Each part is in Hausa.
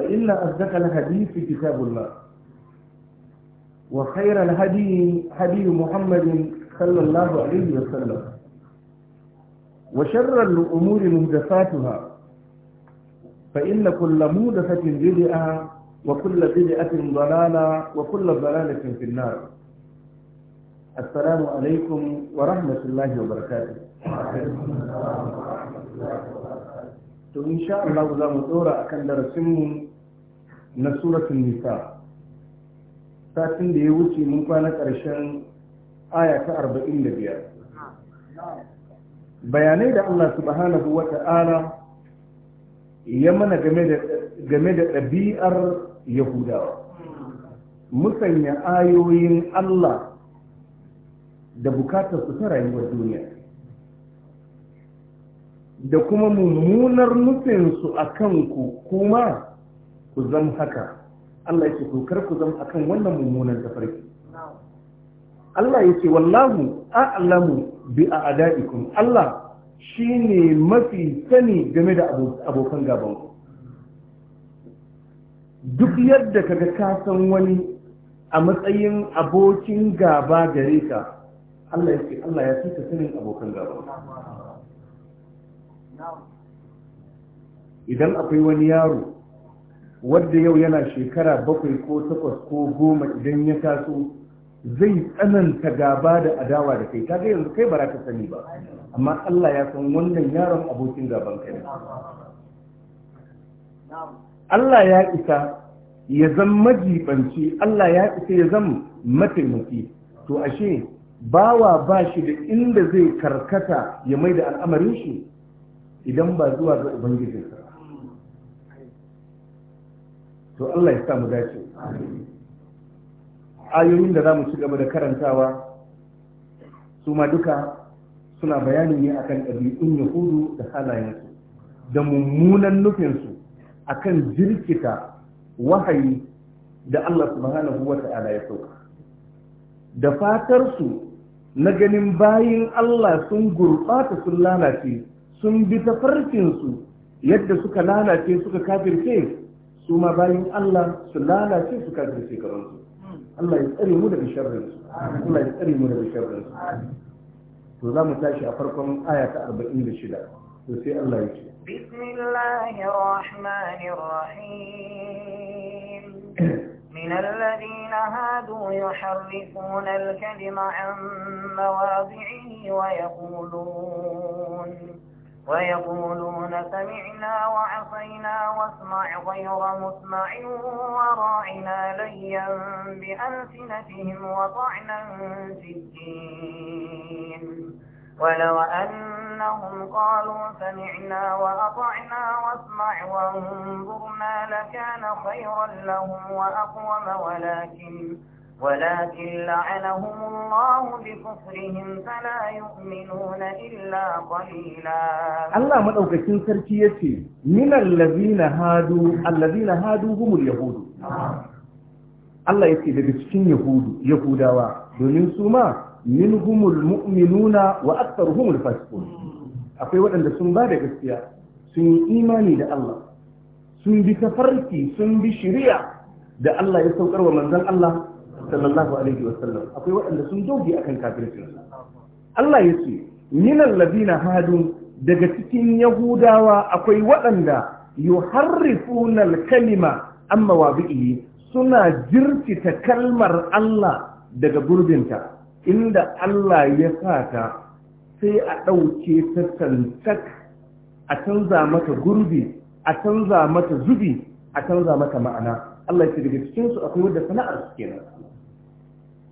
فإن أصدق في كتاب الله وخير الهدي هدي محمد صلى الله عليه وسلم وشر الأمور مهدفاتها فإن كل مهدفة بدعة وكل بدعة ضلالة وكل ضلالة في النار السلام عليكم ورحمة الله وبركاته to insha Allah za mu dora akan darasinmu na suratun nisa satin da ya wuce mun kwana ƙarshen aya ta arba'in da biyar bayanai da allah subhanahu wa ta'ala ya mana game da ɗabi'ar yahudawa musanya ayoyin allah da bukatar su ta rayuwar duniya da kuma mummunar nufinsu a kanku kuma ku zam haka Allah yake to kar ku zam akan wannan mummunan tafarki Allah yake wallahu a'lamu bi a'da'ikum Allah shine mafi sani game da abokan gaban ku duk yadda kaga ka san wani a matsayin abokin gaba gare ka Allah yake Allah ya fita sanin abokan gaba idan akwai wani yaro wadda yau yana shekara bakwai ko takwas ko goma idan ya taso zai tsananta gaba da adawa da kai kaga yanzu kai bara ka sani ba amma Allah ya san wannan yaron abokin gaban kai ne Allah ya isa ya zan majibanci Allah ya isa ya zan mataimaki to ashe bawa ba shi da inda zai karkata ya mai da al'amarin shi idan ba zuwa ga ubangijinsa to Allah ya sa mu dace ayoyin da za mu ci gaba da karantawa su ma duka suna bayani ne akan ɗabi'un yahudu da halayensu da mummunan nufinsu akan jirkita wahayi da Allah subhanahu wa ta'ala ya sauka da fatarsu na ganin bayin Allah sun gurɓata sun lalace sun bi tafarkinsu yadda suka lalace suka kafirce su ma bayan Allah su lalace su kafirce karansu Allah ya tsare mu daga sharrin Allah ya tsare mu daga sharrin to za mu tashi a farkon aya ta 46 to sai Allah ya ce bismillahir rahmanir rahim من الذين هادوا يحرفون الكلم عن مواضعه ويقولون ويقولون سمعنا وعصينا واسمع غير مسمع وراعنا ليا بألسنتهم وطعنا في الدين ولو أنهم قالوا سمعنا وأطعنا واسمع وانظرنا لكان خيرا لهم وأقوم ولكن ولكن لعنهم الله بكفرهم فلا يؤمنون إلا قليلا الله مدوكين سركي يتي من الذين هادوا الذين هادوا هم اليهود Allah ya ce daga cikin Yahudawa, domin su ma min humul mu'minuna wa aktar humul fasiqun. Akwai waɗanda sun ba da gaskiya, sun yi imani da Allah, sun bi tafarki, sun bi shiriya da Allah ya saukar wa manzon Allah sallallahu alaihi wa sallam akwai waɗanda sun doge akan kafirci Allah ya ce minal ladina hadu daga cikin yahudawa akwai waɗanda yuharrifuna al-kalima amma wabi'i suna jirkita kalmar Allah daga gurbinta inda Allah ya sa ta sai a ɗauke ta tantak a canza mata gurbi a canza mata zubi a canza mata ma'ana Allah ya ce daga cikinsu akwai wanda sana'ar su kenan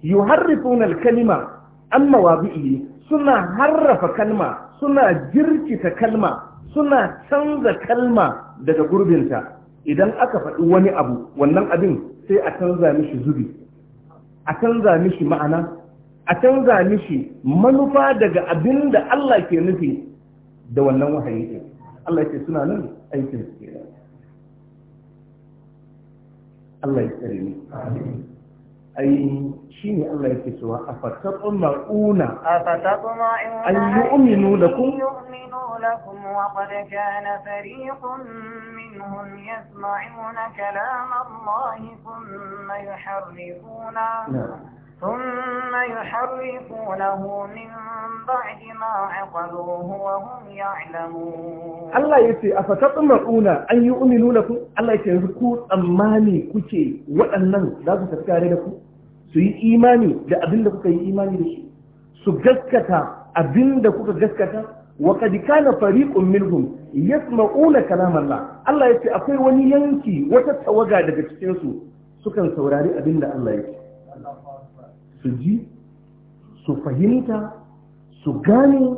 yuharrifuna al-kalima an mawabi'i suna harrafa kalma suna jirkita kalma suna canza kalma daga gurbinta idan aka faɗi wani abu wannan abin sai a canza mishi zubi a canza mishi ma'ana a canza mishi manufa daga abin da Allah ke nufi da wannan wahayi ɗin Allah ke suna nan aikin su Allah ya tsare ni ai shi ne Allah yake cewa a fatakun ma'una a fatakun ma'una an yi uminu da kun Allah ya ce, A fatakun ma'una an yi uminu da kun Allah ya ce, Ku tsammani kuke waɗannan za su tafi da ku? su yi imani da abin da kuka yi imani da shi su gaskata abin da kuka gaskata wa kad kana fariqun minhum yasma'una kalam Allah Allah yace akwai wani yanki wata tawaga daga cikin su sukan saurari abin da Allah yake su ji su fahimta su gane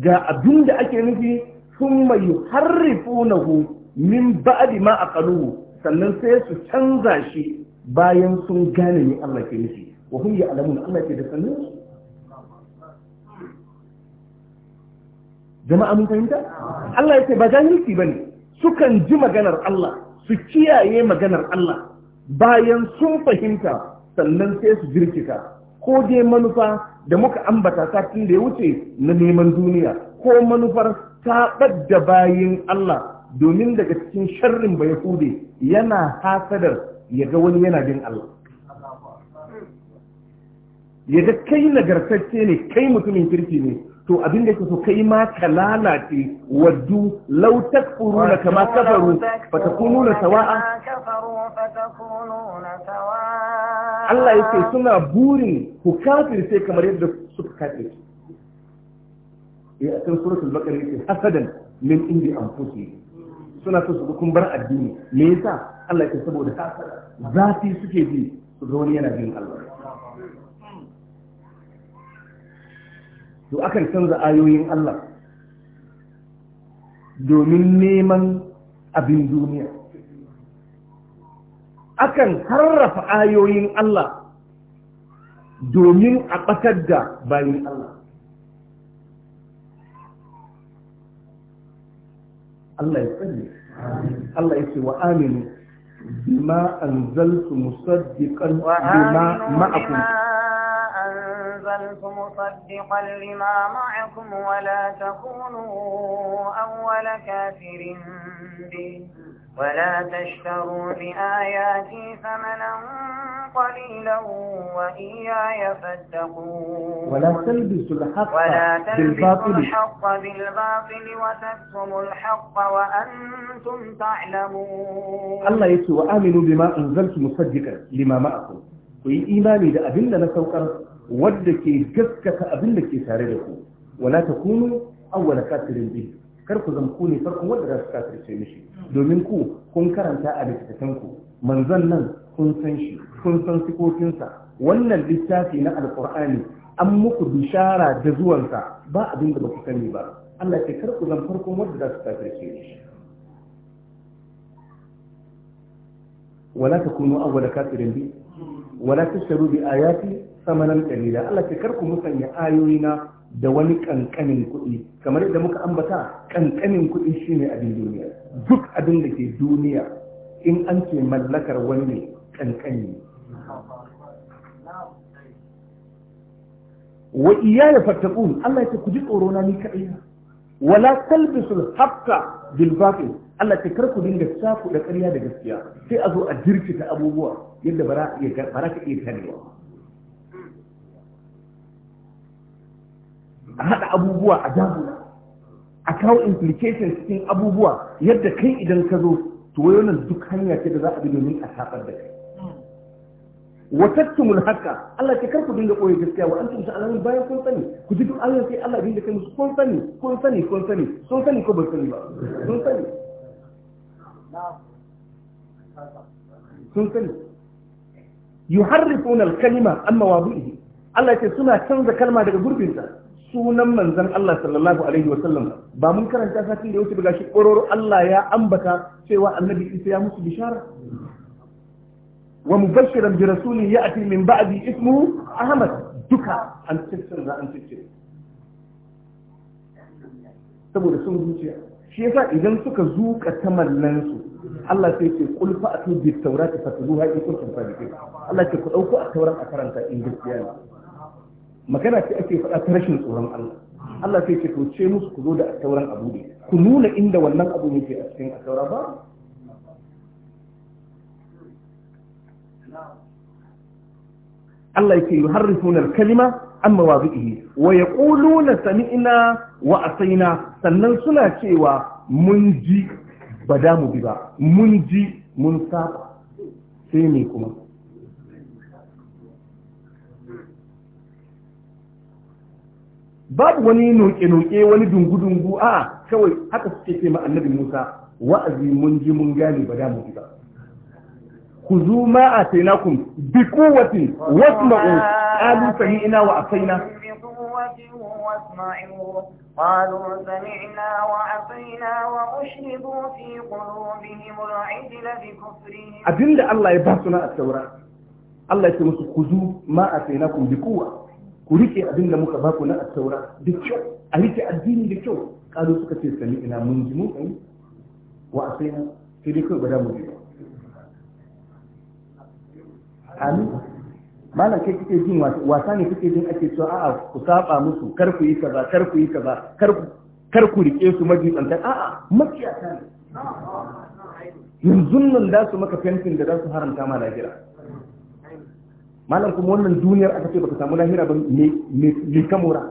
ga abin da ake nufi thumma yuharrifunahu min ba'di ma aqaluhu sannan sai su canza shi bayan sun gane ne Allah ke nufi wa hum ya'lamun Allah ke da sanin jama'a mun fahimta Allah yake ba gani jahilci bane sukan ji maganar Allah su kiyaye maganar Allah bayan sun fahimta sannan sai su jirkita ko dai manufa da muka ambata satin da ya wuce na neman duniya ko manufar taɓar da bayin Allah domin daga cikin sharrin bai yana hasadar ya ga wani yana bin Allah ya ga kai nagartacce ne kai mutumin kirki ne to abin da yake so kai ma ka lalace waddu law takfuruna kama kafaru fatakununa sawa'a Allah yake suna burin ku kafirce kamar yadda suka kafirce ya akan suratul baqara yake hasadan min indi anfusihim suna so su kun bar addini me yasa Allah yake saboda hasada zafi suke bi su wani yana bin Allah to akan canza ayoyin Allah domin neman abin duniya akan harrafa ayoyin Allah domin a ɓatar da bayin Allah Allah ya tsare Allah ya ce wa aminu بما أنزلت مصدقا بما معكم أنزلت مصدقا لما معكم ولا تكونوا أول كافر به ولا تشتروا بآياتي ثمنا قليلا وإياي فاتقون ولا تلبسوا الحق ولا تلبسوا الحق بالباطل وتكتموا الحق وأنتم تعلمون الله يسوع وآمنوا بما أنزلت مصدقا لما معكم في إيماني ده أبن لنا ودك جسكك أبن لك ولا تكونوا أول كافر به kar ku zan ku ne farkon wanda za su kafirce mishi domin ku kun karanta a littattafan ku manzon nan kun san shi kun san sikokinsa wannan littafi na alqur'ani an muku bishara da zuwansa ba abin da ba ku sani ba Allah ce kar ku zan farkon wanda za su kafirce mishi Wala ولا تكونوا أول كافر بي ولا تشتروا بآياتي ثمنا قليلا الله تكركم مثلا آيوينا da wani kankanin kuɗi kamar yadda muka ambata kankanin kuɗi shine abin duniya duk abin da ke duniya in an ce mallakar wani kankani wa iyaya fattaqun Allah ya ku ji tsoro na ni kadai wala talbisul haqqa bil batil Allah kar ku dinga saku da ƙarya da gaskiya sai a zo a jirkita abubuwa yadda bara ka iya tanewa a haɗa abubuwa a jagula a kawo implications cikin abubuwa yadda kai idan ka zo to wannan duk hanya ce da za a bi domin a tabar da kai wa tattumul haqa Allah ce kar ku dinga koyi gaskiya wa antum ta'lamun bayan kun sani ku ji duk Allah sai Allah dinga kai musu kun sani kun sani kun sani sun sani ko ba sani ba sun sani sun sani yuharrifuna al-kalima amma wadu'ihi Allah ce suna canza kalma daga gurbinsa sunan manzan Allah sallallahu alaihi wa sallam ba mun karanta satin da ya wuce daga shi kororo Allah ya ambata cewa annabi Isa ya musu bishara wa mubashiran bi rasulin ya'ti min ba'di ismu Ahmad duka an cikin za an cikin saboda sun zuciya shi yasa idan suka zuka tamallan su Allah sai ce kul fa bi tawrati fatluha in kuntum sadiqin Allah ce ku dauko a tauran a karanta in gaskiya ne magana ce ake faɗa ta rashin tsoron Allah Allah sai ce to ce musu ku zo da sauran abu ne ku nuna inda wannan abu ne ke a cikin asaura ba Allah yake yuharrifuna al-kalima an mawazihi wa yaquluna sami'na wa asaina sannan suna cewa mun ji ba da mu bi ba mun ji mun saba sai ne kuma babu wani noke-noke wani dungu-dungu a kawai haka suke ce ma annabi Musa wa'azi mun ji mun gane ba da mu ba ku zo ma a tainakun bi kowatin wasu ma'u ƙalu sami ina wa a kaina قالوا سمعنا وعصينا وأشربوا في قلوبهم العجل بكفرهم أدل الله يبعثنا التوراة الله يسمى خذوا ما أتيناكم بقوة ku rike abin da muka baku na attaura da kyau a rike addini da kyau kalu suka ce sami ina mun ji mun kai wa asai na sai dai kawai ba da mu ji amin malam kai kike jin wasa ne kike jin ake cewa a'a ku saba musu kar ku yi kaza kar ku yi kaza kar ku kar ku rike su majibantan a'a makiyata ne yanzu nan da su maka fentin da za su haramta ma lahira malam kuma wannan duniyar aka ce baka samu lahira ba me kamura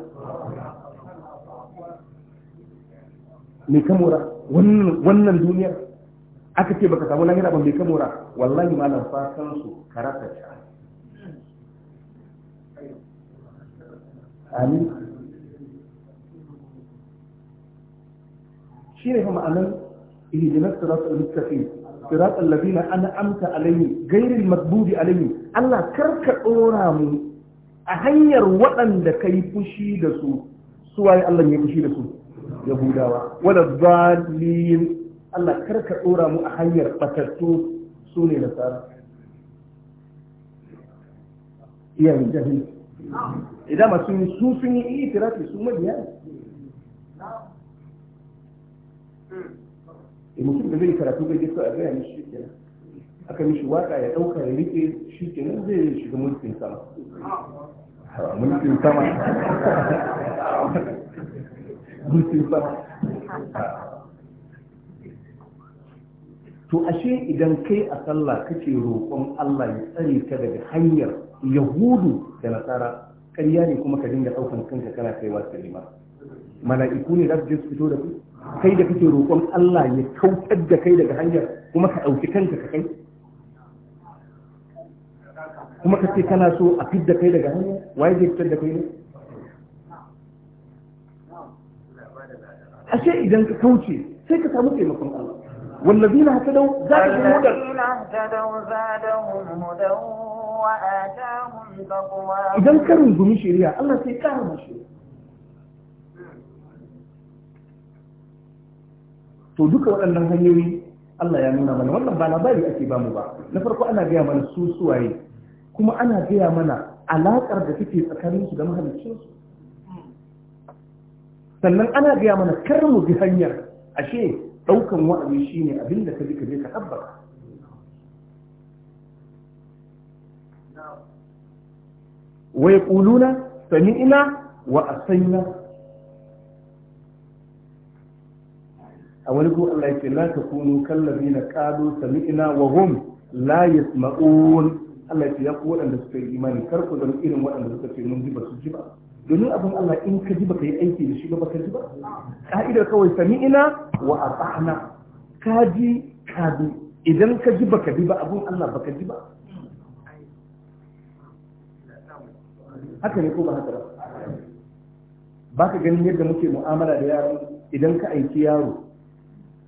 me kamura wannan duniyar aka ce baka samu lahira ba me kamura wallahi malam fatan su karata ta amin shi ne fa ma'anar ihdinas siratal mustaqim صراط الذين أنعمت عليهم غير المغضوب عليهم الله كرك أورام أهير وأن لكي فشي دسو سواء الله يفشي دسو يهودا ولا الضالين الله كرك أورام أهير فتتو سوني نصارى iya yin jahil idan masu yi su sun yi itirafi su mabiya in eh, mutum da zai karatu bai jisa a gaya mishi shi kenan aka mishi waka ya ɗauka ya rike shi kenan zai shiga mulkin sama mulkin sama mulkin sama to ashe idan kai a sallah kake roƙon Allah ya tsare ka daga hanyar yahudu da nasara ƙarya ne kuma ka dinga ɗaukan kanka kana kaiwa kalima mala'iku ne za su fito da ku kai da kake roƙon Allah ya kautar da kai daga hanyar kuma ka ɗauki kanka ka kai kuma kake kana so a fit da kai daga hanyar waye zai fitar da kai ne ashe idan ka kauce sai ka samu taimakon Allah والذين اهتدوا زادهم هدى والذين اهتدوا زادهم هدى وآتاهم تقواهم إذا كانوا يقوموا شريعة الله سيكارم شريعة to duka waɗannan hanyoyi Allah ya nuna mana wannan ba labari ake bamu ba na farko ana gaya mana su suwaye kuma ana gaya mana alaƙar da take tsakanin su da mahaliccin su sannan ana gaya mana kar mu bi hanyar ashe ɗaukan wa'azi shine abin da ka bi ka je ka tabbata wa yaquluna sami'na wa asaina a wani ko Allah ya ce la takunu kallazina qalu sami'na wa hum la yasma'un Allah ya ce ya ku waɗanda suka yi imani kar ku zama irin waɗanda suka ce mun ji ba su ji ba domin abin Allah in ka ji baka yi aiki da shi ba ka ji ba ka'idar kawai sami'ina wa ata'na ka ji ka bi idan ka ji baka bi ba abin Allah baka ji ba haka ne ko ba haka ba ba ka ganin yadda muke mu'amala da yaro idan ka aiki yaro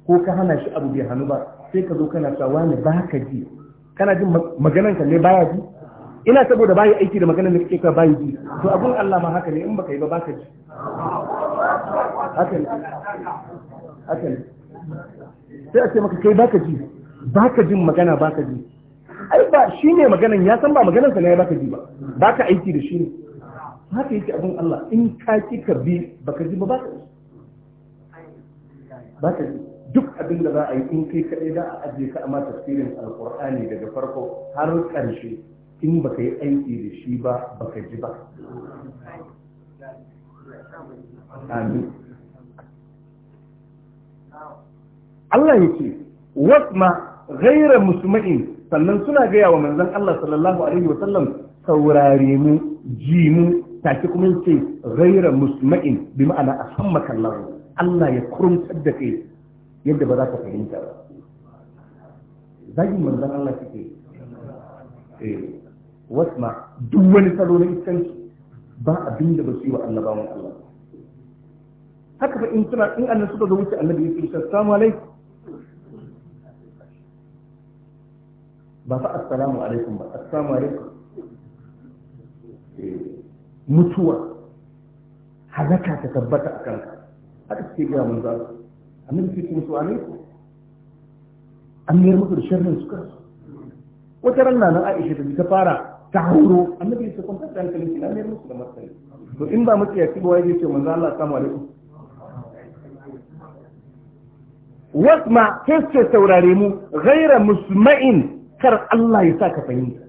ko ka hana shi abu bai hannu ba sai ka zo kana cewa ne ba ka ji kana jin maganan ka ne baya ji ina saboda bayi aiki da maganan da kake ka bayi ji to abun Allah ma haka ne in baka yi ba baka ji haka ne haka ne sai a ce maka kai baka ji baka jin magana baka ji ai ba shine maganan ya san ba maganan sa ne ya baka ji ba baka aiki da shi ne haka yake abun Allah in ka ki ka bi baka ji ba baka ji baka ji duk abin da za a yi in kai kaɗai za a ajiye ka amma tafsirin alƙur'ani daga farko har ƙarshe in baka yi aiki da shi ba baka ji ba amin Allah ya ce wasma ghaira musulma'in sannan suna gaya wa manzon Allah sallallahu alaihi saurare mu ji mu take kuma ce ghaira musulma'in, bi ma'ana a samma Allah ya kurumtar da kai yadda ba za ka fahimta ba zagin manzan Allah suke eh wasma duk wani salo na iskanci ba abin da ba su yi wa annabawan Allah haka fa in suna in annabi suka zo wuce annabi ya ce assalamu alaikum ba fa assalamu alaikum ba assalamu alaikum eh, mutuwa hazaka ta tabbata a kanka haka suke gaya manzo Allah annabi sai ce musu alaikum an mayar musu da sharrin su kansu wata ranna nan Aisha da ta fara ta hauro annabi sai kun tsaya hankalin ki na mayar musu da martani to in ba mutu ya ci ba ce manzo Allah assalamu alaikum wasma sai ce saurare mu ghaira musma'in kar Allah ya sa ka fahimta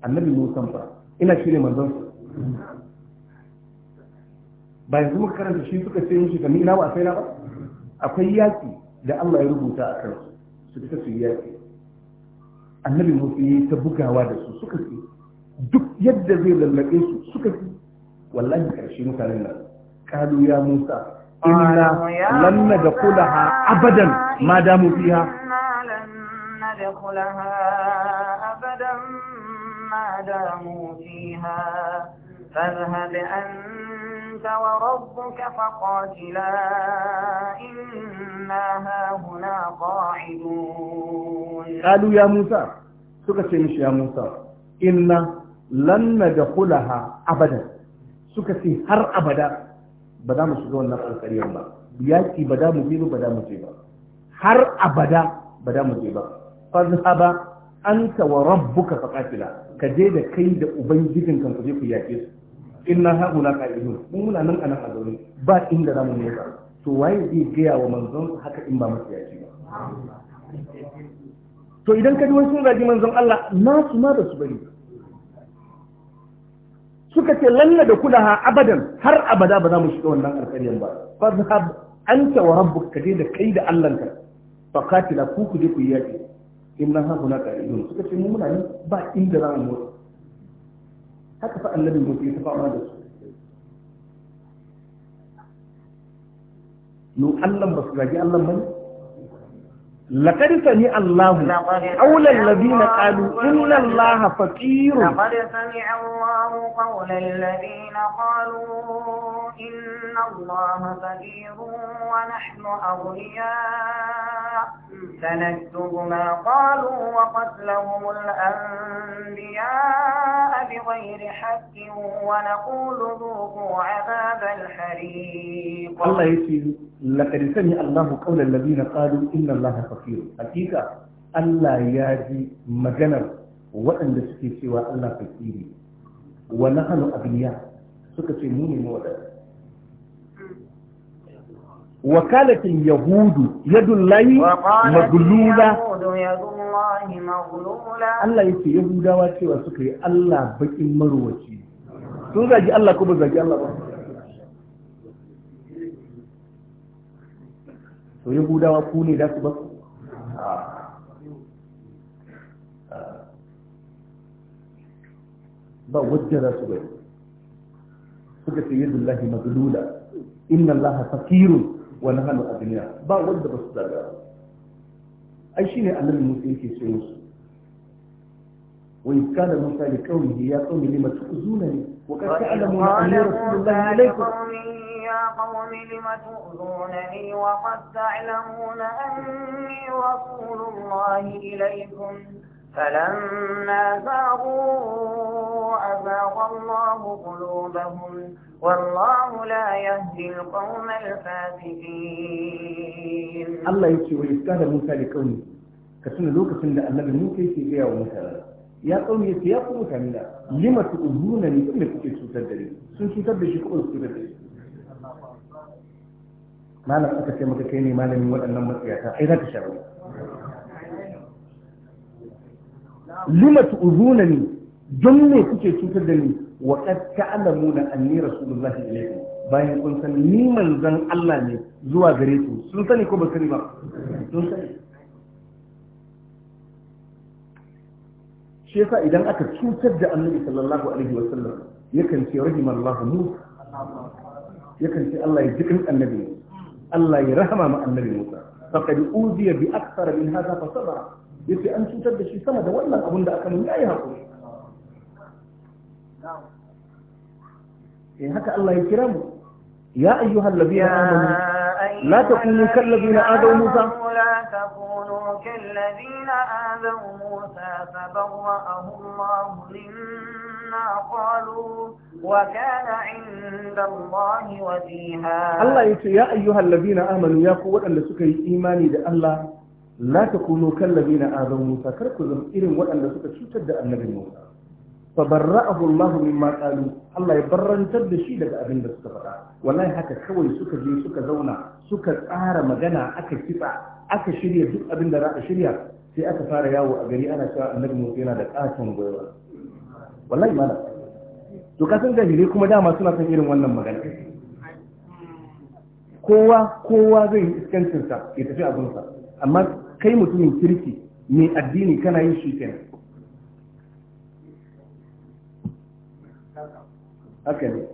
annabi musan fa ina shi ne manzon su ba yanzu muka karanta shi suka ce mishi kamar ina ba a sai na ba akwai yaki da Allah ya rubuta a kan su fita su yaki annabi musu yi ta bugawa da su suka ce duk yadda zai lallabe su suka ce wallahi karshe mutanen nan kalu ya musa inna lan nadkhulaha abadan ma damu fiha lan nadkhulaha ما داموا فيها فاذهب أنت وربك فقاتلا إنا هاهنا قاعدون قالوا يا موسى suka ce mishi Musa inna lan najkhulaha abada suka ce har abada ba za mu shiga wannan alƙaryar ba yaki ba za mu ba ba za ba har abada ba za mu je ba fa zaba anta wa rabbuka faqatila ka je da kai da ubangijin kan ku je ku yaƙe su haɗu na qa'idun mun muna nan anan a zaune ba inda mu ne ba to waye zai gaya wa manzon haka in ba masu yaƙe ba to idan ka ji wani sun zagi manzon Allah su ma da su bari suka ce lalla da ha abadan har abada ba za mu shiga wannan alƙaryan ba fazhab anta wa rabbuka ka da kai da Allahnka fa qatila ku ku je ku yaƙe in na haku na ƙa'idun suka ce mun mutane ba inda za mu mutu haka fa annabin mutu ya tafa da su nu Allah ba su gaji Allah ba ne لقد سمع الله قول الذين قالوا إن الله فقير لقد سمع الله قول الذين قالوا إن الله فقير ونحن أغنياء سنكتب ما قالوا وقتلهم الأنبياء بغير حق ونقول ذوقوا عذاب الحريق الله يسير لقد سمع الله قول الذين قالوا إن الله فقير basir hakika Allah ya ji maganar waɗanda suke cewa Allah fakiri wa nahnu agliya suka ce mu ne waɗanda وكالة اليهود يد الله مغلولة Allah ya ce Yahudawa cewa suka yi Allah bakin marwaci sun zagi Allah ko ba zagi Allah ba to Yahudawa ku ne da su ba آخر وجد سبيل سكت يد الله مغلولة إن الله فقير ونحن أغنياء با وجد بس أي شيء أن المسلم في سيوس وإذ كان موسى لقومه يا قوم لم تؤذونني وقد تعلمون أني رسول الله إليكم يا قوم تؤذونني وقد تعلمون أني رسول الله إليكم فلما زاغوا أزاغ الله قلوبهم والله لا يهدي القوم الفاسقين الله يكفي وإذ كان موسى لقومه كسن لوكسن أن النبي موسى يكفي ومثلا ya tsauni ya ce ya kuma kamila lima su uzuna ne inda kuke cutar da ni sun cutar da shi kuma su cutar da shi malam aka ce maka kai ne malamin waɗannan matsiyata ai za ka sha wani lima su uzuna ne don me kuke cutar da ni wa kad na anni rasulullahi ilaykum bayan kun san ni manzon Allah ne zuwa gare ku sun sani ko ba sani ba sun sani shi yasa idan aka cutar da annabi sallallahu alaihi wa sallam yakan ce rahimallahu musa yakan ce Allah ya jikin annabi Allah ya rahama ma annabi musa faqad uziya bi akthara min hadha fa sabara yace an cutar da shi sama da wannan abun da aka mun yayi hakuri eh haka Allah ya kira mu ya ayyuhal ladina amanu la takunu kal ladina adaw musa la takunu كالذين آذوا موسى فبرأه الله مما قالوا وكان عند الله وجيها الله يقول يا أيها الذين آمنوا يا قوة أن سكي إيماني ده الله لا تكونوا كالذين آذوا موسى كركزم إرم وأن سكي شتد النبي موسى فبرأه الله مما قالوا الله يبرن تبدي شيء لك أبين بس ولا هكا كوي سكة جي سكة زونة سكة آر مجانا أكل كفا aka shirya duk abin da za a shirya sai aka fara yawo a gari ana cewa annabi musa yana da ƙaton gwiwa wallahi mana to kasan jahilai kuma dama suna son irin wannan magana kowa kowa zai yi iskancinsa ya tafi abinsa amma kai mutumin kirki mai addini kana yin shi kenan haka ne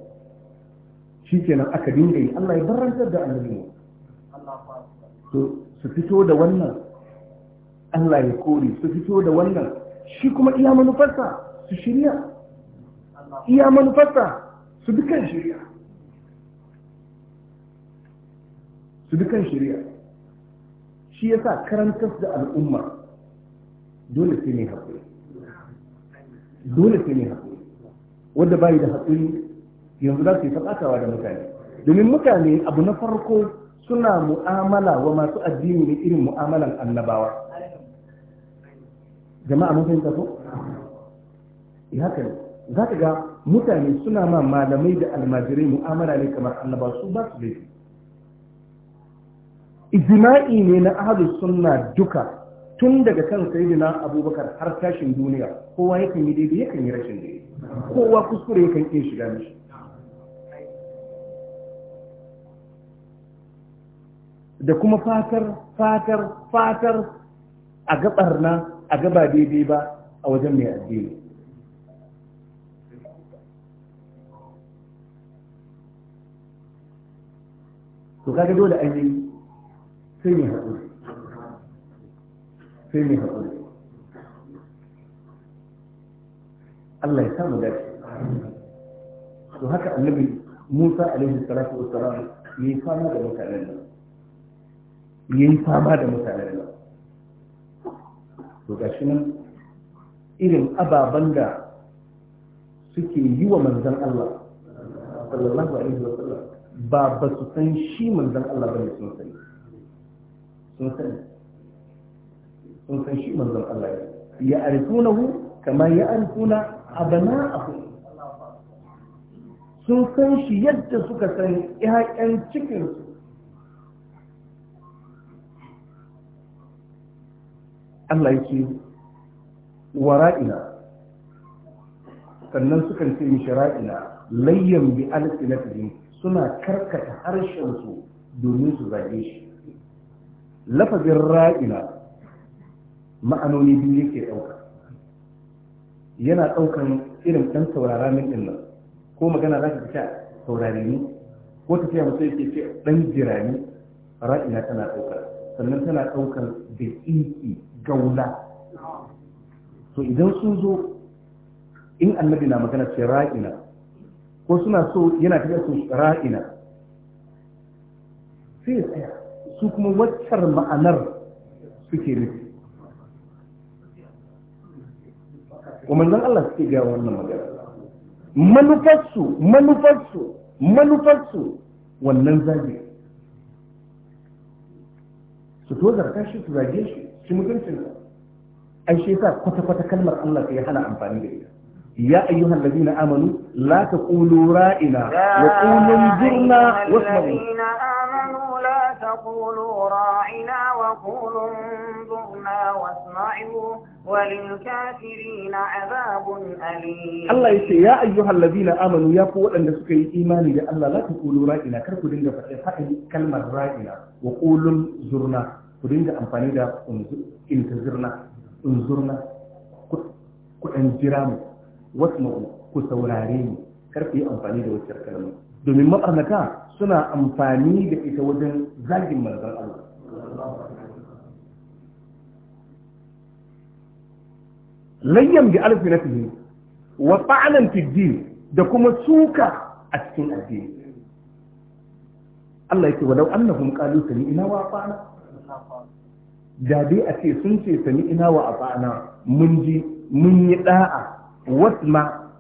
shi kenan aka dinga yi Allah ya barantar da annabi to su fito da wannan Allah ya kore su fito da wannan shi kuma iya manufarsa su shirya iya manufarsa su dukan shirya su dukan shirya shi yasa karantar da al'umma dole sai ne haƙuri dole sai ne haƙuri wanda bayi da haƙuri yanzu za su yi faɗatawa da mutane domin mutane abu na farko suna mu'amala wa masu addini ne irin mu'amalan annabawa jama'a mun fahimta ko ya eh, haka ne za ga mutane suna ma malamai da almajirai mu'amala ne kamar annabawa su ba su laifi ijma'i ne na ahlus sunna duka tun daga kan sayyidina abubakar har tashin duniya kowa yakan yi daidai yakan yi rashin daidai kowa kuskure yakan iya shiga mishi da kuma fatar fatar fatar a gabar na a gaba daidai ba a wajen mai addini to kaga dole an yi sai mai haƙuri sai mai haƙuri Allah ya samu dace to haka annabi Musa alaihi salatu wassalam yi fama da mutanen nan ya yi fama da mutanen nan to gashi shi nan irin ababen da suke yi wa manzan Allah sallallahu alaihi wa sallam ba ba su san shi manzan Allah bane sun sani sun sani sun san shi manzan Allah ne ya arifunahu kamar ya arifuna abu, sun san shi yadda suka san ƴaƴan cikinsu Allah yake wara'ina sannan sukan ce mishi ra'ina layyan bi alsinatihim suna karkata harshen su domin su zage shi lafazin ra'ina ma'anoni biyu yake ɗauka yana ɗaukan irin ɗan saurara min ɗin nan ko magana za ka fita saurari ni ko tafiya mutum yake ce ɗan jirani ra'ina tana ɗaukar sannan tana ɗaukar da inki gaula To idan sun zo in annabi na magana ce ra'ina ko suna so yana tafiya su ra'ina sai tsaya su kuma waccar ma'anar suke nufi umarnin Allah suke gaya wannan magana manufarsu manufarsu manufarsu wannan zagi su tozarta shi su zage shi shi mutuncinsa ai shi yasa kwata-kwata kalmar Allah sai hana amfani da ita يا أيها الذين آمنوا لا تقولوا رائنا وقولوا انظرنا واسمعوا الذين آمنوا لا تقولوا راعنا وقولوا وأسمع واسمعوا وللكافرين عذاب أليم الله يسي يا أيها الذين آمنوا يا قوة أن تسكي إيماني يا الله لا تقولوا رائنا كركوا دنجا فتحقي كلمة رائنا وقولوا زرنا كدنجا أمفاني دا انتظرنا انظرنا كأنجرام واسمعوا كسورارين كركوا أمفاني دا وشير كلمة domin mabarnata suna amfani da ita wajen zagin manzon Allah layyam bi alfinatihi wa ta'lan fi din da kuma suka a cikin addini Allah yake law annahum qalu sami ina wa fa'ana da dai a ce sun ce sami ina wa fa'ana mun ji mun yi da'a wasma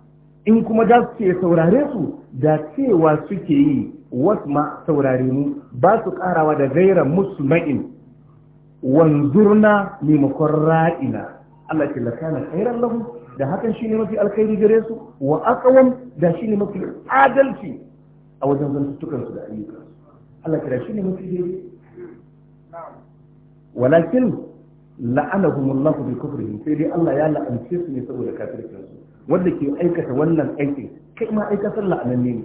in kuma za su ce saurare su da cewa suke yi wasma saurare mu ba su karawa da gaira musma'in wanzurna mimakon ra'ina Allah ce lakana khairan lahum da hakan shine mafi alkhairi gare su wa aqwam da shine mafi adalci a wajen zantukan su da ayyuka Allah kira shine mafi daidai walakin la'anahum Allah bi kufrihim sai dai Allah ya la'ance su ne saboda kafircin su wanda ke aikata wannan aikin kai ma aikatar la'ananne ne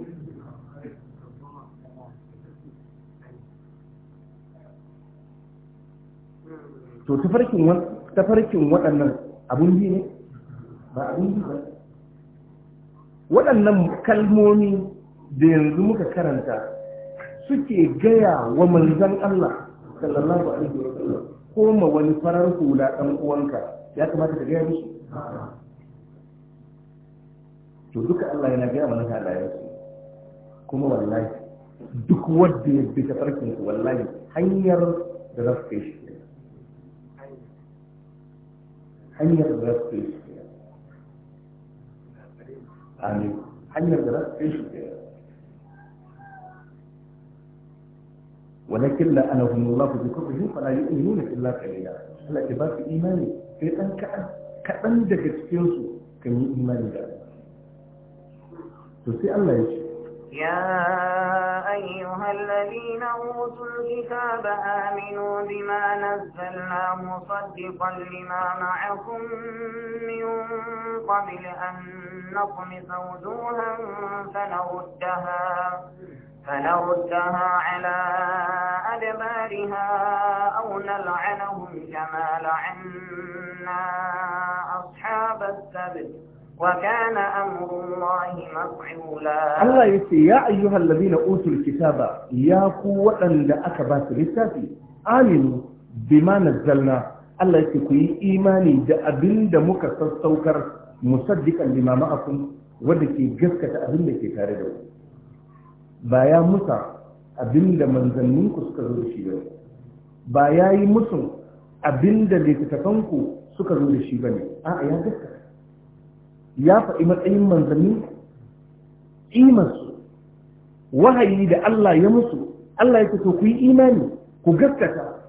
to tafarkin wannan tafarkin waɗannan abun ne ba abun ji ba waɗannan kalmomi da yanzu muka karanta suke gaya wa manzan Allah sallallahu alaihi wa sallam ko ma wani farar hula ɗan uwanka ya kamata ka gaya musu to duka Allah yana gaya mana halayensu kuma wallahi duk wanda ya bi tafarkin su wallahi hanyar da za su kai shi hanyar da za su yi amin hanyar da za su yi shi ولكن لأنهم الله بكفرهم فلا يؤمنون إلا قليلا هلا إباك إيماني في أن كأن دكت فيوسو كان يؤمن ذلك تسي الله يشي يا أيها الذين أوتوا الكتاب آمنوا بما نزلنا مصدقا لما معكم من قبل أن نطمس وجوها فنردها فنردها على أدبارها أو نلعنهم كما لعنا أصحاب السبت وَكَانَ أَمْرُ اللَّهِ مَفْعُولًا Allah ya ce, “Ya ayyuhar labina utul kitaba, ya ku waɗanda aka ba su littafi, aminu bi ma zalna, Allah ya ce ku yi imani da abin da muka sassaukar musaddiƙan lima ma'akun wadda ke gaskata abin da ke tare da ku. Baya musa abin da suka zo ba ba ya yi musu abin littattafanku suka zo ba ne, a ya gaskata. ya faɗi matsayin manzanni imansu wahayi da Allah ya musu Allah ya ce to ku yi imani ku gaskata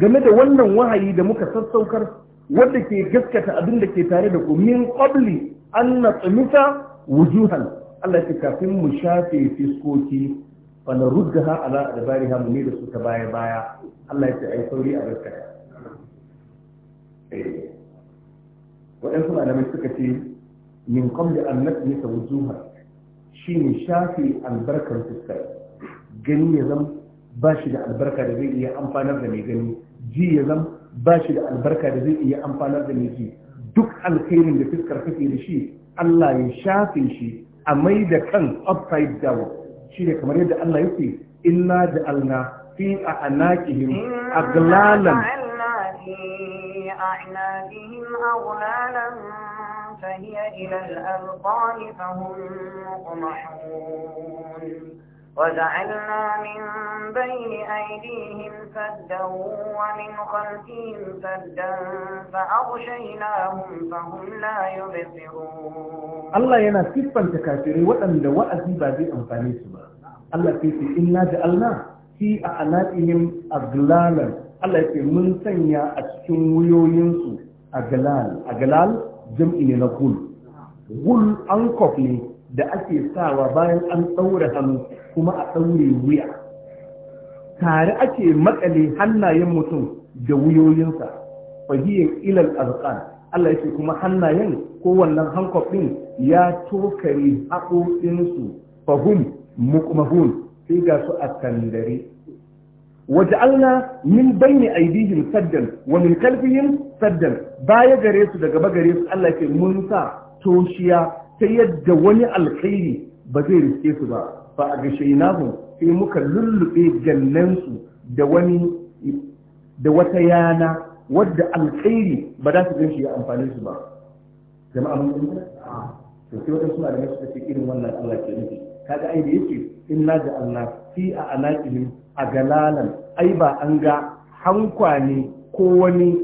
game da wannan wahayi da muka sassaukar wanda ke gaskata abin da ke tare da ku min qabli an natmisa wujuhan Allah ya ce kafin mu shafe fiskoki fa na ruddaha ala adbariha mu ne da su ta baya baya Allah ya ce ai sauri a gaskata eh waɗansu malamai suka ce min qabli an nasmita wujuha shine shafi albarkar fuskar gani ya zama ba shi da albarka da zai iya amfanar da mai gani ji ya zam ba shi da albarka da zai iya amfanar da mai ji duk alkhairin da fuskar kake da shi Allah ya shafe shi a mai da kan upside down shi ne kamar yadda Allah yake inna ja'alna fi a'naqihim aglalan a'naqihim aglalan فهي إلى الأرقان فهم مقمحون وجعلنا من بين أيديهم سدا ومن خلفهم سدا فأغشيناهم فهم لا يبصرون الله ينا سفن تكافري وأن لوأزي بادي أنفاني سبا الله سيسي إنا جعلنا في أعنائهم أغلالا Allah ya ce mun sanya a cikin wuyoyinsu a galal a galal jam'i ne na gul gul ankof ne da ake sawa bayan an ɗaure hannu kuma a ɗaure wuya tare ake makale hannayen mutum da wuyoyinsa fahiyar ilal azqan Allah yake kuma hannayen ko wannan hankof ɗin ya tokare haƙoƙinsu fahum mukmahun sai ga su a kandare waj'alna min bayni aydihim saddan wa min khalfihim saddan baya gare su daga bagare su Allah ke mun sa toshiya ta yadda wani alkhairi ba zai riske su ba fa a gashaynahum sai muka lullube jannansu da wani da wata yana wadda alkhairi ba za su ganshi ya amfani su ba jama'a mun fahimta to sai wadansu malamai suka ce irin wannan Allah ke nufi kaga ai da yake inna da Allah fi a alaƙihim a galalan ai ba an ga hankwane ko wani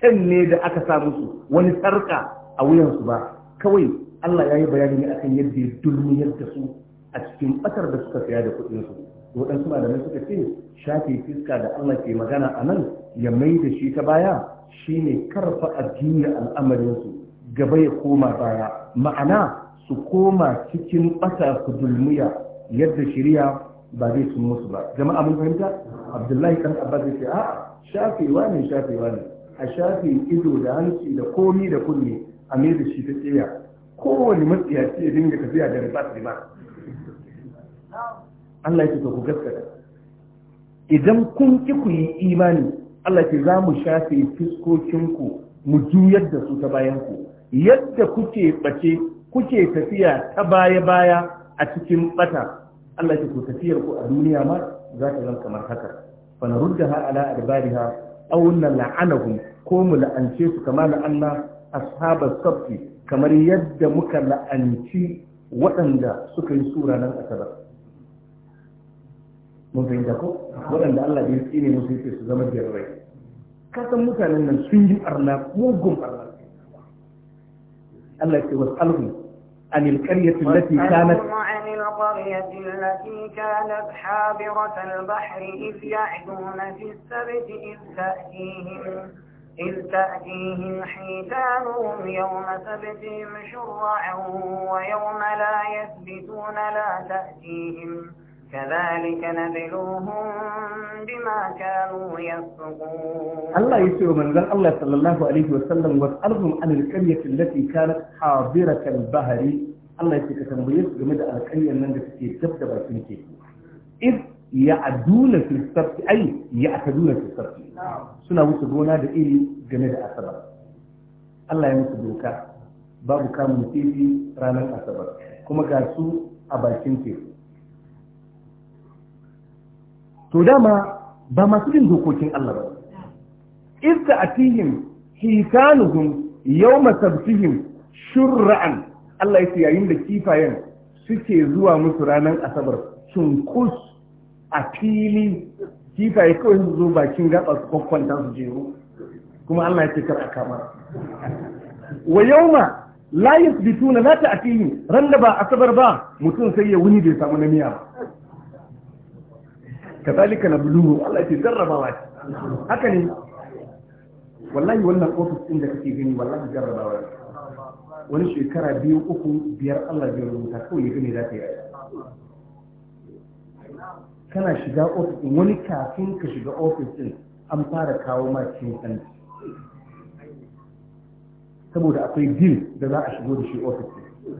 can eh, ne da aka sa musu wani sarka a wuyansu ba kawai Allah ya yi bayani ne akan yadda ya dulmiyar da su a cikin ƙasar da suka saya da kuɗinsu waɗansu malamai suka ce shafe fiska da Allah ke magana a nan ya mai da shi ta baya shine karfa addini al'amarinsu gaba ya koma baya ma'ana su koma cikin ɓata su dulmiya yadda shari'a ba zai sun musu ba Zama abin fahimta abdullahi kan abbas ya ce a wa ne wa ne a shafe ido da hanci da komi da kunne a mai da shi ta tsaya kowane ce ya dinga tafiya da ribat ribat Allah ya ce ku gaskata idan kun ki ku yi imani Allah ce za mu shafe fuskokinku mu juyar da su ta bayanku yadda kuke bace kuke tafiya ta baya baya a cikin bata Allah ya ku tafiyar ku a duniya ma za ta zama kamar haka fa naruddaha ala adbariha aw nal'anahum ko mu la'ance su kamar la'anna ashabas safi kamar yadda muka la'anci waɗanda suka yi sura nan a asabar mun fahimta ko waɗanda Allah ya tsine musu yake su zama jarrai ka san mutanen nan sun yi arna mugun arna Allah ya ce wasu alhu anil qaryati allati kanat القرية التي كانت حابرة البحر إذ يعدون في السبت إذ تأتيهم إذ تأتيهم حيتانهم يوم سبتهم شرعا ويوم لا يثبتون لا تأتيهم كذلك نبلوهم بما كانوا يفسقون الله يسوع من قال الله صلى الله عليه وسلم واسألهم عن القرية التي كانت حاضرة البحر Allah ya ce ka tambaye su game da alƙaryar nan da suke dab da bakin teku if ya aduna filsafi ai ya fi filsafi suna wuce gona da iri game da asabar Allah ya musu doka babu kamun tefi ranar asabar kuma ga su a bakin teku to dama ba masu bin dokokin Allah ba idda atihim hikanuhum yawma sabtihim shur'an Allah ya ce yayin da kifayen suke zuwa musu ranar asabar cunkus a fili kifaye kawai su zo bakin gaba su kwakwanta su jeru kuma Allah ya ce kar a kama wa yau ma bituna la ta a fili ran da ba asabar ba mutum sai ya wuni bai samu namiya ba kazalika nabluhu Allah ya ce jarrabawa ce haka ne wallahi wannan ofis ɗin da kake gani wallahi jarrabawa ce wani shekara biyu uku biyar Allah biyar rubuta kawai ya ne za ka yi kana shiga ofis in wani kafin ka shiga ofis ɗin an fara kawo ma cin saboda akwai din da za a shigo da shi ofis din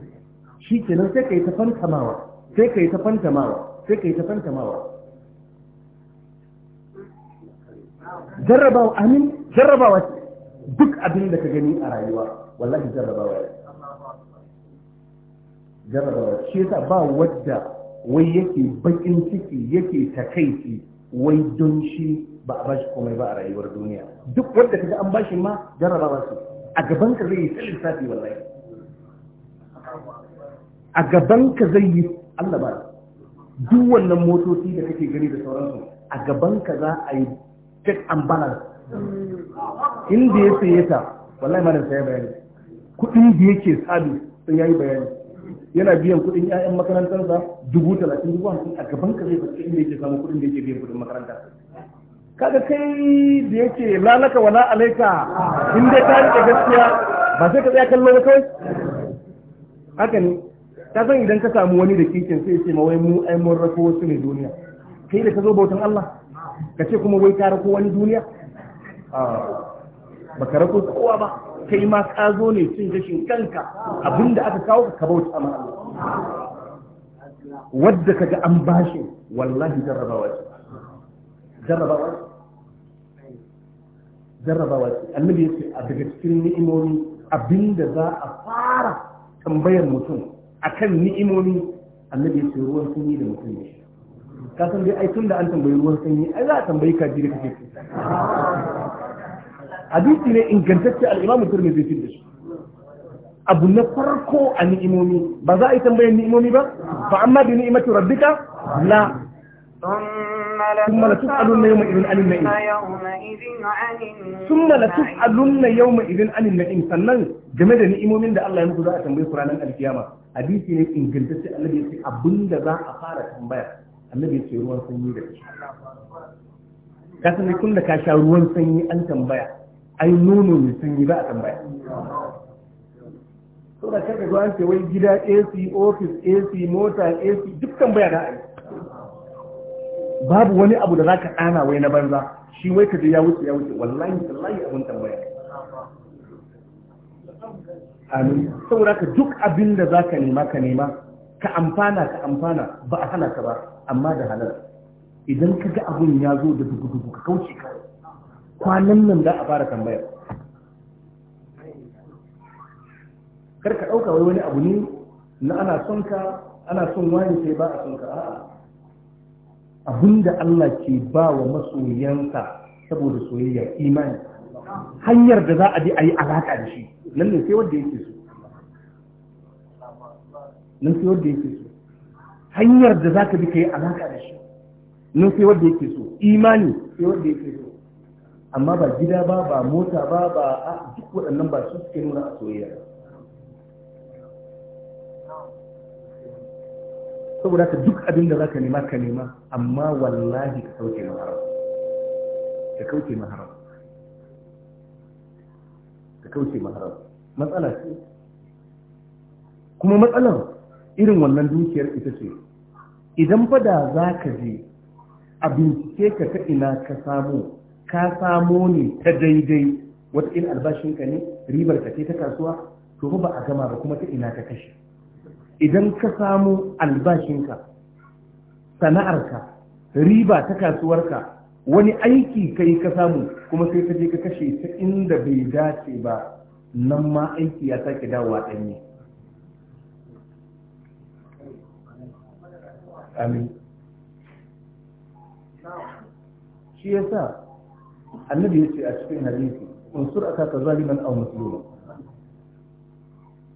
shi kenan sai ka yi ta fantamawa sai ka yi ta fantamawa sai ka yi ta fantamawa jarrabawa amin jarrabawa duk abin da ka gani a rayuwa wallahi jarrabawa ne jarrabawa shi yasa ba wadda wai yake bakin ciki yake takaici wai don shi ba a bashi komai ba a rayuwar duniya duk wadda kaga an bashi ma jarrabawa su a gaban ka zai yi ta lissafi wallahi a gaban ka zai yi Allah ba duk wannan motoci da kake gani da sauransu a gaban ka za a yi check and balance inda ya saye ta wallahi malam sai bayani kudin da yake sabi sun yayi bayani yana biyan kuɗin 'ya'yan makarantarsa dubu talatin dubu hamsin a gaban ka zai fasi inda yake samun kuɗin da yake biyan kuɗin makaranta kaga kai da yake lalaka wala alaika in dai ka rike gaskiya ba sai ka tsaya kallo ba kai haka ne ka san idan ka samu wani da kikin sai ce ma wai mu ai mun rako wasu ne duniya kai da ka zo bautan Allah ka ce kuma wai ka rako wani duniya ah, ba ka rako kowa ba kai ma ka zo ne cin gashin kanka abinda aka kawo ka bauta ma wadda kaga an bashi wallahi jarrabawa ce jarrabawa ce jarrabawa ce annabi yace a daga cikin ni'imomi abinda za a fara tambayar mutum akan ni'imomi annabi yace ruwan sanyi da mutum ne ka san dai ai tun da an tambayi ruwan sanyi ai za a tambayi kaji da kake hadisi ne ingantacce al-imamu tirmidhi fi abu na farko a ni'imomi ba za a yi tambayar ni'imomi ba Ba amma da ni'imatu rabbika la ثم لتسألن يومئذ عن النعيم عن النعيم sannan game da ni'imomin da Allah ya muku za a tambaye ku ranar alkiyama ne ingantacce Allah abinda za fara tambaya annabi ya ce sanyi da shi ka san kun da ka sha ruwan sanyi an tambaya ai nono ne sun yi ba a tambaya so da kaga zuwa ce wai gida AC office AC mota AC duk tambaya na ai babu wani abu da zaka dana wai na banza shi wai ka je ya wuce ya wuce wallahi wallahi abun tambaya amin saboda ka duk abin da zaka nema ka nema ka amfana ka amfana ba a hana ka ba amma da halal idan kaga abun ya zo da dugu dugu ka kauce kawai kwanan nan za a fara tambayar kar ka ɗauka wai wani abu ne na ana son ka ana son wani sai ba a son ka a'a abinda Allah ke ba wa masoyansa saboda soyayya imani hanyar da za a je a yi alaka da shi nan ne sai wanda yake so nan sai wanda yake so hanyar da za ka bi ka yi alaka da shi nan sai wanda yake so imani sai wanda yake so amma ba gida ba ba mota ba ba a duk waɗannan ba su suke nuna a soyayya saboda ka duk abin da zaka nema ka nema amma wallahi ka kauce maharam ka kauce maharam ka kauce maharam matsala ce kuma matsalar irin wannan dukiyar ita ce idan fa da za ka je a bincike ka ta ina ka samu ka samo ni ta daidai wata in albashinka ne ribar ka ce ta kasuwa to ba a gama ba kuma ta ina ta kashe idan ka samo albashinka sana'arka riba ta kasuwar ka, wani aiki kai ka samu kuma sai ka je ka kashe ta inda bai dace ba nan ma aiki ya sake dawowa ɗanye amin shi yasa annabi ya ce a cikin hadisi unsur aka ka zaliman aw musluma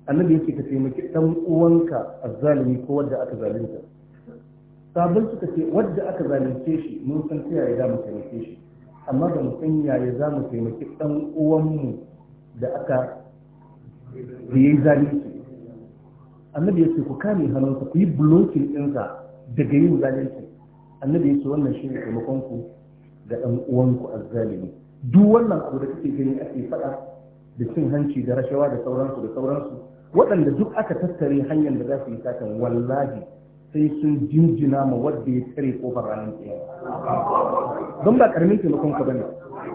annabi ya ce ka taimaki dan uwanka azzalimi ko wanda aka zalunta sabon suka ce wanda aka zalunce shi mun san ta yaya za mu taimake shi amma da mu san yaya za mu taimaki dan uwanmu da aka da yayi zalunci annabi ya ce ku kame hannunsa ku yi blocking ɗinsa daga yin zalunci annabi ya ce wannan shi ne taimakon ku ga ɗan uwanku azzalimi duk wannan abu da kake gani ake faɗa da cin hanci da rashawa da sauransu da sauransu waɗanda duk aka tattare hanyar da za su yi satan wallahi sai sun jinjina ma wadda ya tsare kofar ranar kiyama don ba karamin taimakon ka bane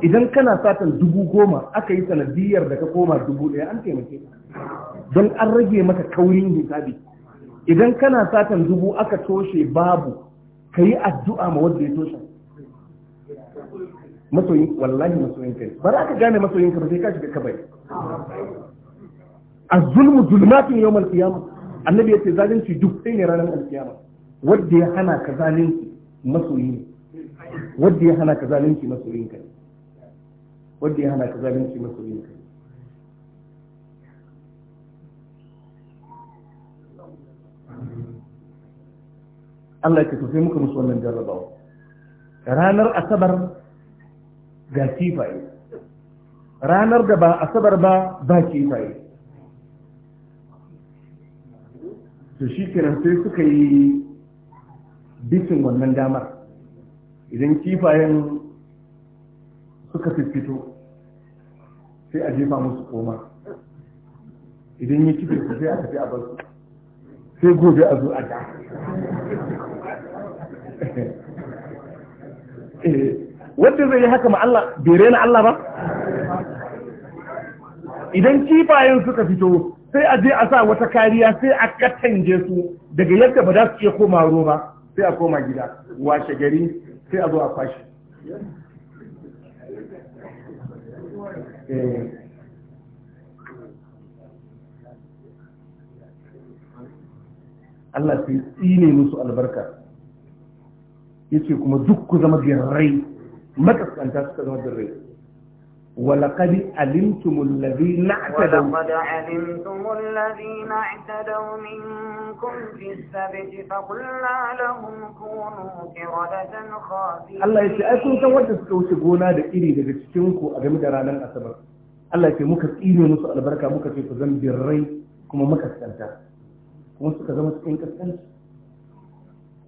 idan kana satan dubu goma aka yi sanadiyar da ka koma dubu ɗaya an taimake don an rage maka kaurin hisabi idan kana satan dubu aka toshe babu ka yi addu'a ma wadda ya toshe masoyin wallahi masoyin kai ba za ka gane masoyin ka ba sai ka shiga kabari az-zulmu zulmatun yawm al-qiyama annabi yace zalunci duk sai ne ranar al-qiyama wanda ya hana ka zalunci masoyi ne wanda ya hana ka zalunci masoyin kai wanda ya hana ka zalunci masoyin kai Allah ya ce to sai muka musu wannan jarrabawa ranar asabar ga kifaye ranar da ba asabar ba ba kifaye to shi kenan sai suka yi bikin wannan damar idan kifayen suka fito sai a jefa musu koma idan ya kife su sai a tafi a bar su sai gobe a zo a da eh, wanda zai yi haka ma Allah bai rena Allah ba idan kifayen suka fito sai a je a sa wata kariya sai a katange su daga yadda ba za su iya koma ruwa sai a koma gida washe gari sai a zo a kwashe eh. Allah sai tsine musu albarka yace kuma duk ku zama rai. makaskanta suka zama birrai ولقد علمتم الذين اعتدوا ولقد علمتم الذين اعتدوا منكم في السبت فقلنا لهم كونوا كردة خاسئين الله يسي أي كنت ودى سكوش بونا دا إلي دا تشتنكو أغم درانا أسبر الله يسي مكس إيني نسو البركة مكس يسو زنب الري كما مكس أنت كما سكا زمس إنكس أنت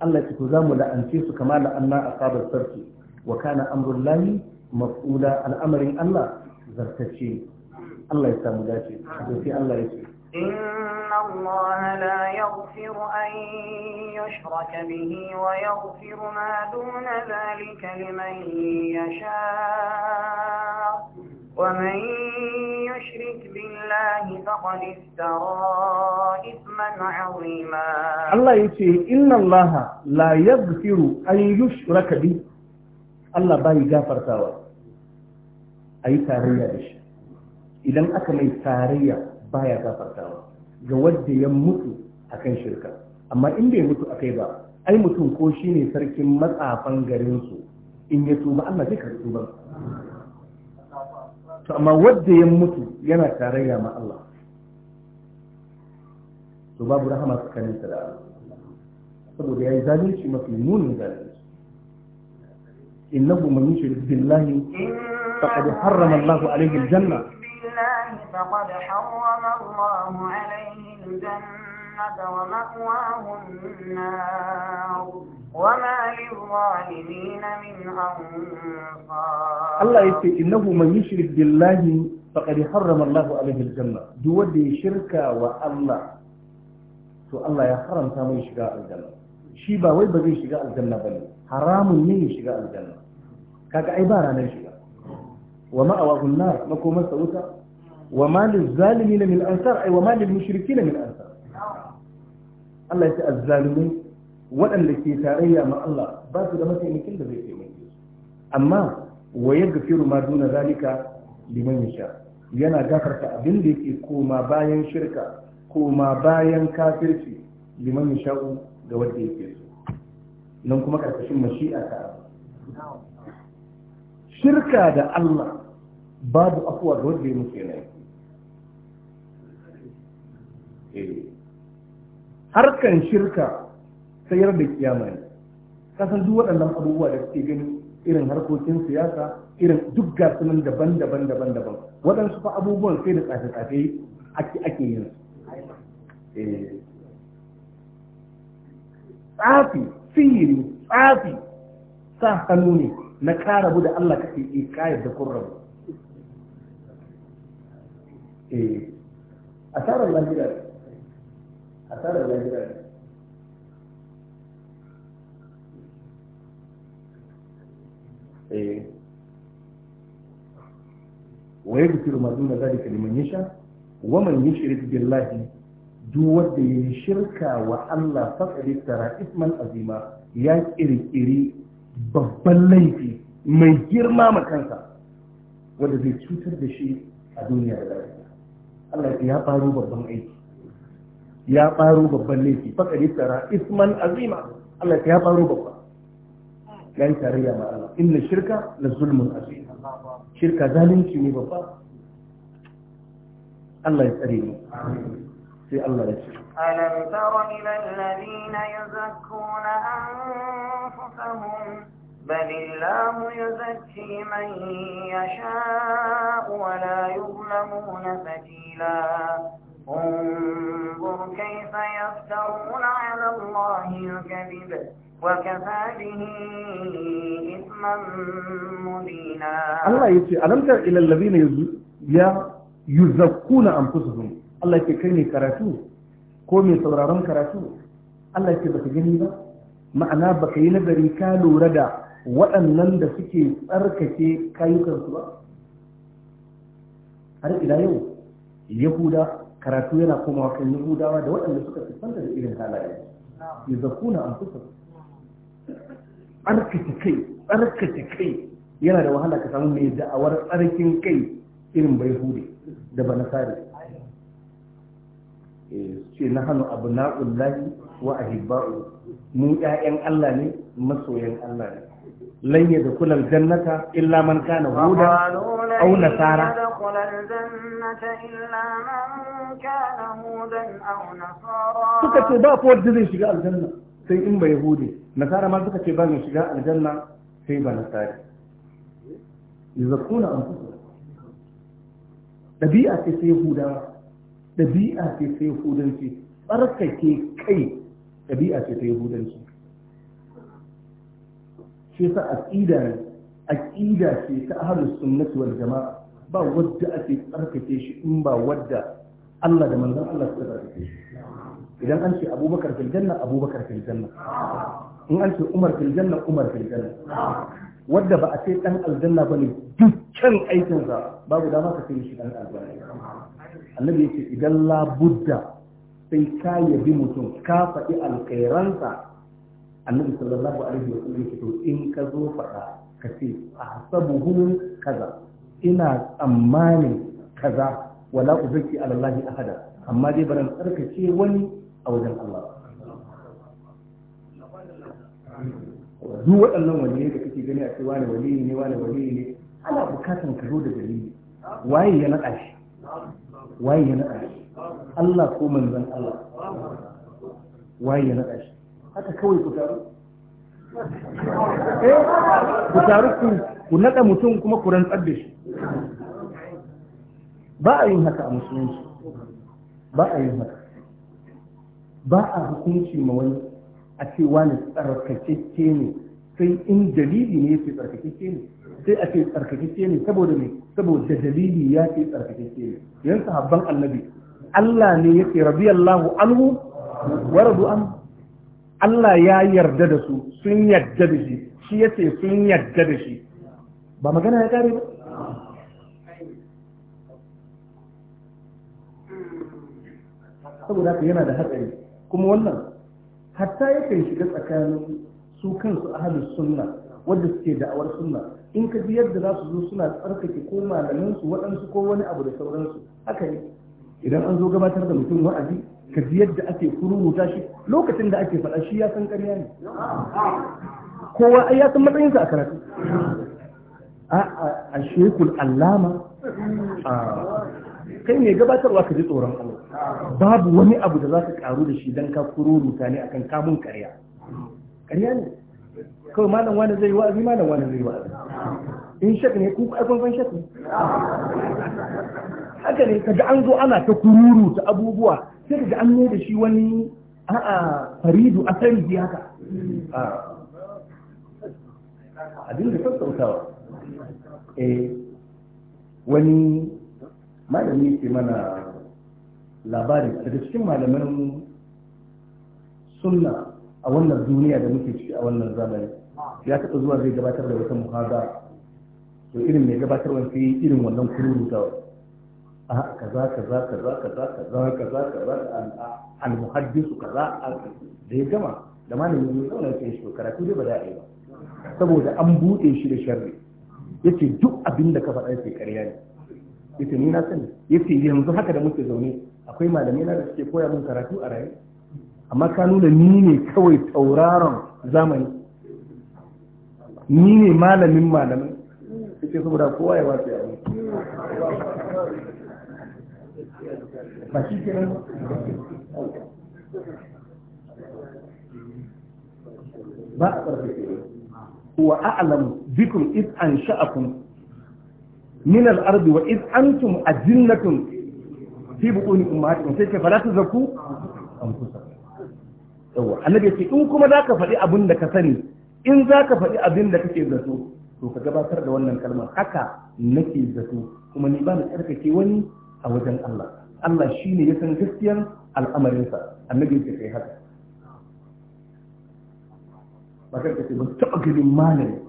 الله يسي كزامو لأنتيسو كما لأنا أصاب السرسي wa kana amrun lahi mas'ula al'amarin Allah zartacce Allah ya samu dace to Allah ya ce inna Allah la yaghfiru an yushraka bihi wa yaghfiru ma duna zalika liman yasha wa man yushrik billahi faqad istara isman azima Allah yace inna Allah la yaghfiru an yushraka bihi Allah bai gafartawa a yi tarayya da shi idan aka mai tarayya baya gafartawa ga wadda ya mutu akan shirka amma in bai mutu akai ba ai mutum ko shi ne sarkin matsafan garinsu in ya tuba Allah zai karɓi ba, to amma wadda ya mutu yana tarayya ma Allah to babu rahama tsakaninsa da Allah saboda ya yi zalunci mafi munin zalunci إنه من يشرك بالله فقد حرم الله عليه الجنة فقد حرم الله عليه الجنة ومأواه النار وما للظالمين من أنصار الله يقول إنه من يشرك بالله فقد حرم الله عليه الجنة دودي شركة والله to Allah ya haramta mai shiga aljanna shi ba wai ba zai shiga aljanna bane haramun ne ya shiga kaga ai ba ranar shiga wa ma'awahun nar makomar sa wuta wa ma lil na min ansar ai wa ma lil mushrikin min ansar Allah ya ce azzalimai waɗanda ke tarayya ma Allah ba su da mataimakin da zai taimake su amma wa yaghfiru ma duna zalika liman yasha yana gafarta abin da yake koma bayan shirka koma bayan kafirci liman yasha ga wanda yake so nan kuma karkashin mashi'a ta shirka da Allah babu afuwa da wadda ya muke na yi eh. harkan shirka sayar da kiyama ne kasan duk waɗannan abubuwa da suke gani irin harkokin siyasa irin duk gasunan daban-daban daban-daban waɗansu fa abubuwan sai da tsafe-tsafe ake yin eh. tsafi sihiri tsafi sa hannu ne na karabu da Allah ka fi ƙayar eh, da kun rabu. Eh, a tsarar lafiya, a tsarar lafiya. Eh. Waye da firma duna zaɗi kalimin yasha, waman yi shirik billahi duk wanda ya shirka wa Allah fasari tara isman azima ya ƙirƙiri babban laifi mai girma ma kansa wanda zai cutar da shi a duniya da lafiya Allah ya faru babban aiki ya faru babban laifi fakari tsara isman azima Allah ya faru babba ya yi tarayya ma Allah inna shirka la zulmun azim shirka zalunci ne babba Allah ya tsare mu sai Allah ya ce alam tara إلى الذين يزكون anfusahum بل الله يزكي من يشاء ولا يظلمون فتيلا انظر كيف يفترون على الله الكذب وكفى به إثما مبينا الله يزكي ألم تر إلى الذين يزكون أنفسهم الله يزكي كيني كراتو كومي سورارم كراتو الله يزكي بك جنيبا ma'ana baka yi nazari waɗannan da suke tsarkake kayukansu ba har ila yau yahuda karatu yana komawa kan yahudawa da waɗanda suka siffanta da irin halaye ya zakuna an fusa tsarkake kai tsarkake kai yana da wahala ka samu mai da'awar tsarkin kai irin bai hude da ba nasari eh, ce na hannu abu na'ullahi wa ahibba'u mu 'ya'yan Allah ne masoyan Allah ne lan yadkhul aljannata illa man kana huda aw nasara suka ce ba ko wanda zai shiga aljanna sai in ba yahudi nasara ma suka ce ba mai shiga aljanna sai ba nasari yuzakkuna anfusahum ɗabi'a ce sai yahudawa ɗabi'a ce sai yahudanci tsarkake kai ɗabi'a ce ta yahudanci shi yasa aqida ne aqida ce ta ahlus sunnati wal jamaa ba wadda ake tsarkake shi in ba wadda Allah da manzon Allah suka tsarkake shi idan an ce abubakar fil janna abubakar fil janna in an ce umar fil janna umar fil janna wadda ba a ce dan aljanna bane dukkan aikinsa babu dama ka kai shi dan aljanna annabi yace idan la budda sai ka yabi mutum ka faɗi alkhairansa annabi sallallahu alaihi wa sallam yake to in ka zo faɗa ka ce ahsabuhu kaza ina tsammanin kaza wala uzaki ala Allah ahada amma dai baran tsarkake wani a wajen Allah duk waɗannan waliyai da kake gani a ce wani waliyi ne wani waliyi ne ana bukatan ka zo da dalili waye ya naɗa shi waye ya naɗa shi Allah ko manzon Allah waye ya naɗa shi haka kawai ku taru eh, ku taru ku ku nada mutum kuma ku rantsar da shi ba a yin haka a musulunci ba a yin haka ba a hukunci ma wani a ce wani tsarkakeke ne sai in dalili ne sai tsarkakeke ne sai a ce tsarkakeke ne saboda ne saboda dalili ya ce tsarkakeke ne yan sahabban annabi Allah ne yake radiyallahu anhu wa radu anhu Allah ya yarda da su sun yarda da shi shi ya ce sun yarda da shi ba magana ya kare ba saboda haka yana da hatsari kuma wannan hatta yakan shiga tsakanin su kansu ahalus sunna wanda suke da'awar sunna in ka ji yadda za su zo suna tsarkake ko malaminsu waɗansu ko wani abu da sauransu haka ne idan an zo gabatar da mutum wa'azi ka ji yadda ake kururuta shi lokacin da ake faɗa shi ya san ƙarya ne kowa ai ya san matsayinsa a karatu a shekul allama kai ne gabatarwa ka ji tsoron Allah babu wani abu da za ka karu da shi don ka kururuta ne akan kamun ƙarya ƙarya ne kawai malam wani zai wa'azi malam wani zai wa'azi in shak ne ku aikon ban shak ne haka ne kaga an zo ana ta kururu ta abubuwa sai kaga an ne da shi wani a'a faridu asali ji haka abin da sassautawa eh wani malami ke mana labari daga cikin malaman sunna a wannan duniya da muke ciki a wannan zamani ya taɓa zuwa zai gabatar da wata muhada to irin mai gabatar wani irin wannan kururu kururutawa A'a, kaza kaza kaza kaza kaza kaza al muhaddisu kaza da ya gama da malamin ne zauna yake shi karatu dai ba da ba saboda an buɗe shi da sharri yace duk abinda da ka faɗa yake ƙarya ne yace ni na sani yace yanzu haka da muke zaune akwai malamai na da suke koya min karatu a raye amma ka nuna ni ne kawai tauraron zamani ni ne malamin saboda kowa ya wasu ya ba shi ke nan ba a ƙarfafe wa a'lamu bikum iz ansha'akum min al-ardi wa iz antum ajinnatun fi buquni ummahatikum sai annabi ya ce in kuma zaka faɗi abin da ka sani in zaka faɗi abin da kake zato to ka gabatar da wannan kalmar haka nake zato kuma ni ba na tsarkake wani a wajen Allah Allah shi ne ya san gaskiyar al'amarinsa annabi ya kai haka ba ka ce ba taɓa ganin malami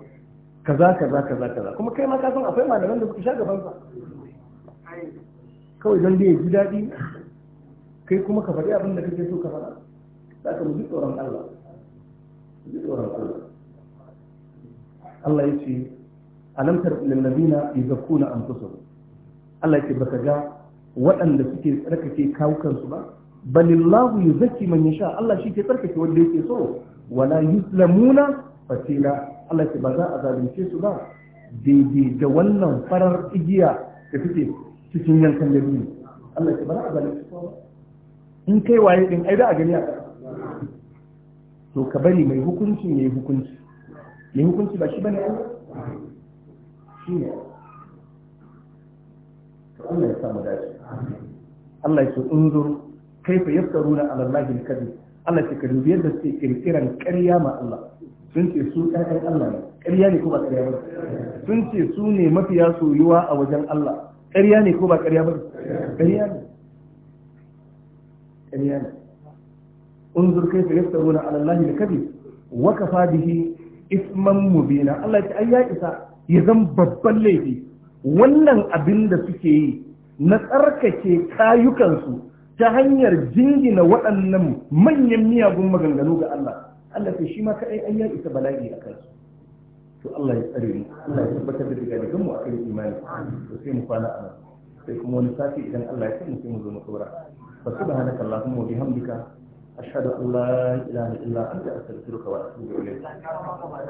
kaza kaza kaza kaza kuma kai ma ka san akwai malaman da suka sha gaban kawai don da ya ji daɗi kai kuma ka faɗi abin da kake so ka faɗa za ka mu ji tsoron Allah ji tsoron Allah Allah ya ce alam tar lil ladina yuzakkuna anfusahum Allah ya ce baka ga waɗanda suke tsarkake kawukansu ba balillahu zaki man yasha Allah shi ke tsarkake wanda yake so wala yuslamuna fatila Allah ce ba za a zalunce su ba daidai da wannan farar igiya da take cikin yankan biyu Allah ce ba za a zalunce su ba in kai waye din ai da a gani a to ka bari mai hukunci ne hukunci ne hukunci ba shi bane Allah shi ne Allah ya samu dace Allah ce unzur kaifa yaftaruna ala Allah al-kadhib Allah ce ka dubi yadda suke kirkiran ƙarya ma Allah sun ce su ɗayan Allah ne ƙarya ne ko ba ƙarya ba sun ce su ne mafiya soyuwa a wajen Allah ƙarya ne ko ba ƙarya ba ƙarya ne ƙarya ne unzur kai fa yaftaruna ala Allah al-kadhib wa kafa bihi isman mubina Allah ya ce ai ya isa ya zan babban laifi wannan abin da suke yi na tsarkake kayukansu ta hanyar jingina waɗannan manyan miyagun maganganu ga Allah Allah sai shi ma kaɗai an ya isa bala'i a kansu to Allah ya tsare mu Allah ya tabbatar da daga daga mu a kan imani to sai mu kwana a nan sai kuma wani sati idan Allah ya sani sai mu zo mu tsora fa subhanaka allahumma wa bihamdika ashhadu an la ilaha illa anta astaghfiruka wa atubu ilayk